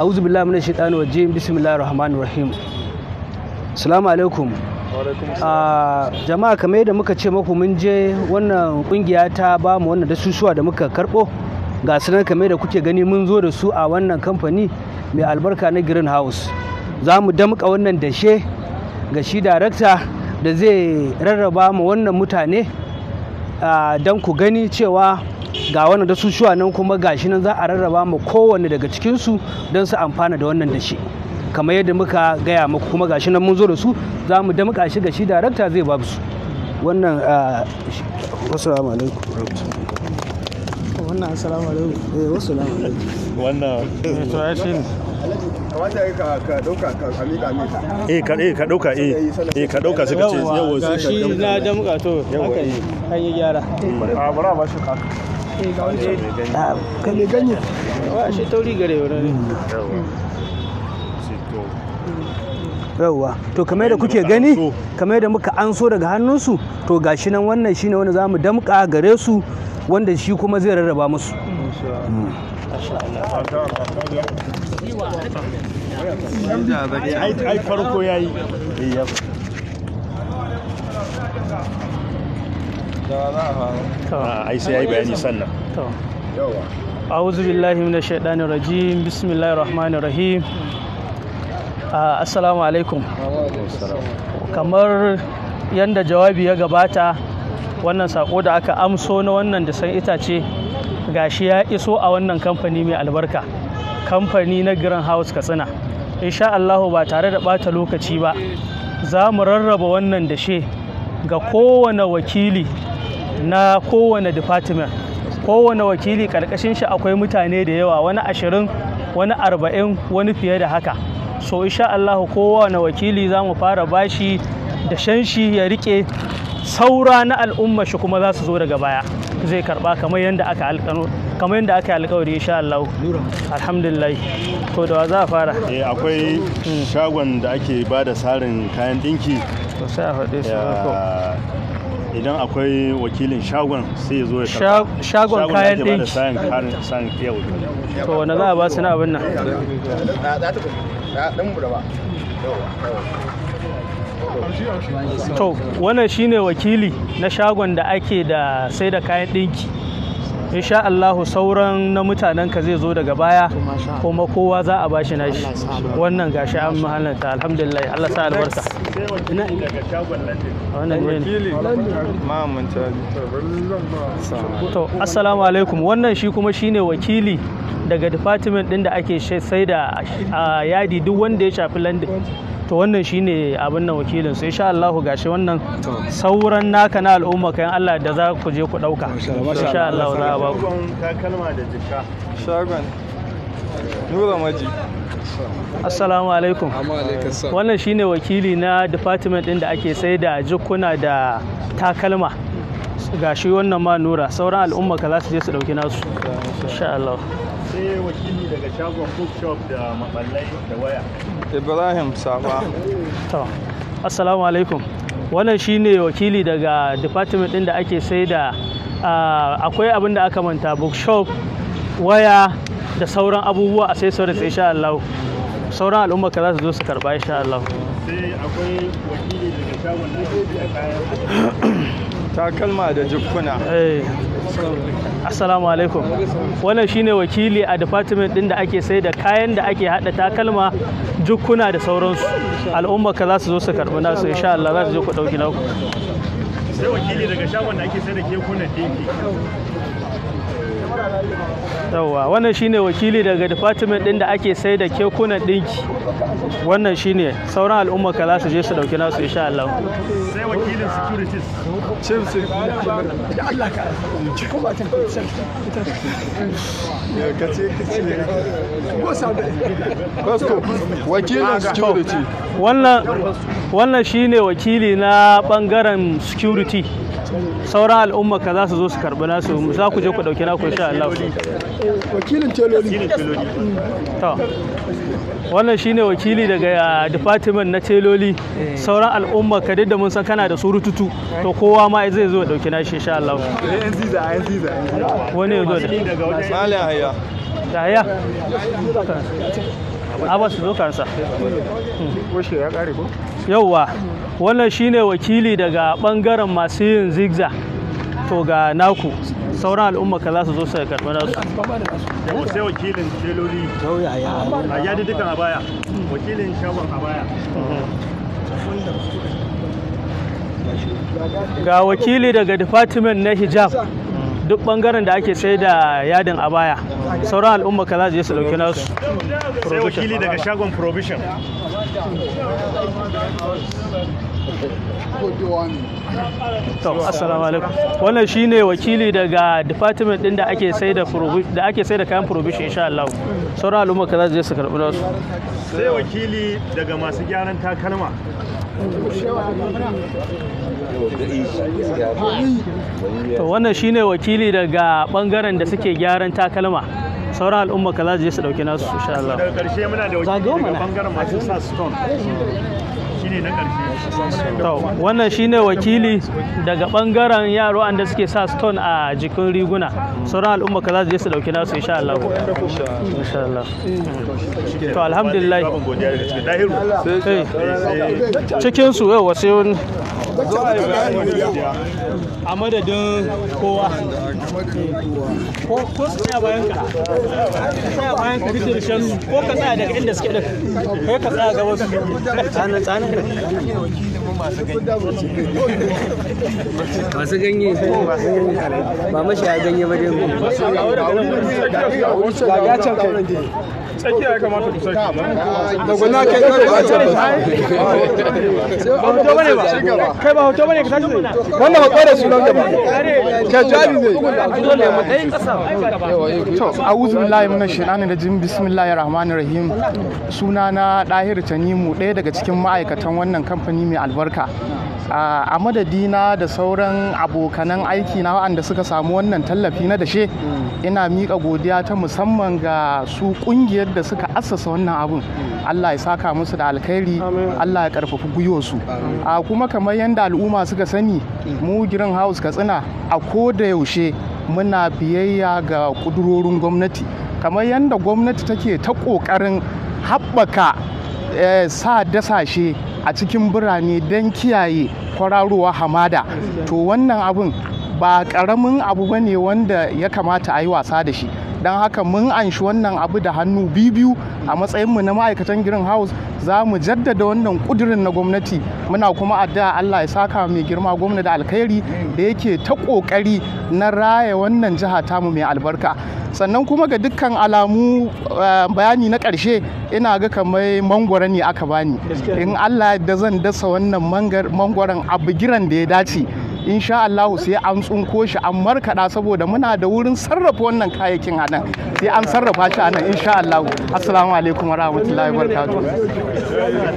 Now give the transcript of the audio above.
a'udhu billahi minash shaitani rajim bismillahir rahmanir rahim assalamu alaikum a ah, jama'a kamar yadda muka ce maku mun je wannan kungiya ta ba mu wannan dasusuwa da muka karbo ga sunan kamar da kuke gani mun zo da su a wannan kamfani mai albarka na green house za mu damƙa wannan dashe ga shi darakta da zai rarraba mu wannan mutane ah, don ku gani cewa ga wannan da su shuwa nan kuma gashi nan za a rarraba mu kowanne daga cikinsu don su amfana da wannan dashi kamar yadda muka gaya muku kuma gashi nan mun zo da su za mu da muka shiga shi darakta zai ba su wannan assalamu alaikum wannan assalamu alaikum eh assalamu alaikum wannan eh, to ya shi kamata ka ka dauka ka amika mika eh ka eh ka dauka eh eh ka dauka sai ka ce yawa sai ka shi na damka to haka yi eh. an yi gyara a bara ba shi ka kalle to kamar da kuke gani kamar da muka anso daga hannunsu to gashi nan wannan shine wanda za mu damka gare su wanda shi kuma zai rarraba musu ai farko Ah, ai sai ya yi bayani sannan a'udhu billahi minash shaitanir rajim bismillahir rahmanir rahim ah, assalamu alaikum kamar yadda jawabi ya gabata wannan sako da aka amso na wannan da san itace gashi ya iso a wannan kamfani mai albarka kamfani na Grand House Katsina insha ba tare da bata lokaci ba za mu rarraba wannan dashe ga kowane wakili na kowane department kowane wakili karkashin shi akwai mutane da yawa wani ashirin wani arba'in wani fiye da haka so insha Allah kowane wakili za mu fara bashi da shanshi ya rike saura na al'umma shi kuma za su zo daga baya zai karba kamar yadda aka alkano kamar yadda aka alkawari insha Allah alhamdulillah to da za a fara eh akwai hmm. shagon da ake ba da sarin kayan dinki to sai a faɗe su idan akwai wakilin shagon sai ya zo ya shagon kayan ɗinki shagon da ake bada sayan kayan to wanda za a ba su na abin nan to wannan shine wakili na shagon da ake da sai da kayan ɗinki insha Allahu sauran na mutanen ka zai zo daga baya kuma kowa za a bashi nashi wannan gashi an mahallanta alhamdulillah Allah sa albarka ina ga shagon London wannan ne to assalamu alaikum wannan shi kuma shine wakili daga department din da ake sai da yadi duk wanda ya shafi London to wannan shine abin nan wakilin su insha Allah gashi wannan sauran naka na al'umma kayan Allah da za ku je ku dauka insha Allah za a ba ku takalma da jikka shagon nura maji assalamu alaikum wannan shine wakili na department din da ake sai da jikuna da takalma gashi wannan ma nura sauran al'umma ka za su je su dauki nasu insha Allah ne wakili daga shagon bookshop da maballai da waya ibrahim saba to assalamu alaikum wannan shine wakili daga department din da ake sai da akwai abin da aka manta bookshop waya da sauran abubuwa a sai sauransu insha Allah sauran al'umma ka za su zo su karba insha Allah sai akwai wakili daga shagon da kayan takalma da jukkuna eh. assalamu alaikum wannan shine wakili a department din da ake sai da kayan da ake hada takalma jukuna da sauransu al'umma ka za su zo su karbi nasu insha Allah za su je ku dauki naku sai wakili daga shagon da ake sai da kekunan dinki yawwa wannan shine wakili daga department din da ake sai da kekunan dinki wannan shine sauran al'umma ka za su je su dauki nasu insha Allah sai wakilin securities chief security da Allah ka ci ko ba ta ka ce ko sa wakilin ah, security wannan wannan shine wakili na bangaren security sauran al'umma ka za su zo su karɓi nasu za ku je ku ɗauki naku insha Allah wakilin teloli to wannan shine wakili daga department na teloli sauran al'umma ka da mun san kana da surututu to kowa ma zai zo ɗauki nashi insha Allah wani zo da haya da haya abasu zo kansa yauwa wannan shine wakili daga bangaren masu yin zigza to ga naku sauran al'umma ka za su zo su karɓi nasu yau sai wakilin teloli a yadi dukan a baya wakilin shagon a baya ga wakili daga department na hijab duk bangaren da ake sai da yadin a baya sauran al'umma ka za su je su dauki nasu sai wakili daga shagon provision to assalamu alaikum wannan shine wakili daga department din da ake sai da da ake sai da kayan provision insha Allah sauran al'umma kaza zai su karbi nasu sai wakili daga masu gyaran takalma to wannan shine wakili daga bangaren da suke gyaran takalma sauran al'umma kaza zai su dauki nasu insha Allah daga karshe muna da wakili daga bangaren masu sa stone shine na ƙarshe to wannan shine wakili daga bangaren yaro da suke sa stone a jikin riguna sauran al'umma ka za su je su dauki nasu insha Allah insha Allah to alhamdulillah cikin su yau wasu a madadin kowa ko ko tsaya bayan ka tsaya bayan ka duk da shanu ko ka tsaya daga inda suke da kai ka tsaya gaba su tsana tsana masu ganye ba mashi ya ganye ba dai ga gacin kai tsakiya ya kamata ku saki da gwana da bismillahir rahmanir rahim sunana dahir tanimu ɗaya daga cikin ma'aikatan wannan kamfani mai albarka a madadina da sauran abokanan aiki na waɗanda suka samu wannan tallafi na dashe mm. ina miƙa godiya ta musamman ga su ƙungiyar da suka assasa wannan abun mm. Allah ya saka musu da alkhairi Allah ya ƙarfafi gwiwarsu a kuma kamar yadda al'umma suka sani mm. mu girin house katsina a ko da yaushe muna biyayya ga kudurorin gwamnati kamar yadda gwamnati take ta ƙoƙarin haɓaka eh, sa dasashe a cikin birane don kiyaye kwararowa hamada to wannan abin ba karamin abu bane wanda ya kamata a yi wasa da shi don haka mun anshi wannan abu da hannu biyu a matsayinmu na ma'aikatan green house za mu jaddada wannan kudirin na gwamnati muna kuma addu'a Allah ya saka mai girma gwamna da alkhairi da yake ta kokari na raya wannan jiha tamu mai albarka sannan kuma ga dukkan alamu eh, bayani na ƙarshe ina ga kamar mangwara ne aka bani in allah da zan dasa wannan mangwaron a da ya dace insha allahu sai an tsunko shi an markaɗa saboda muna da wurin sarrafa wannan kayayyakin a nan sai an sarrafa shi a nan insha allahu assalamu alaikum wa rahmatullahi wa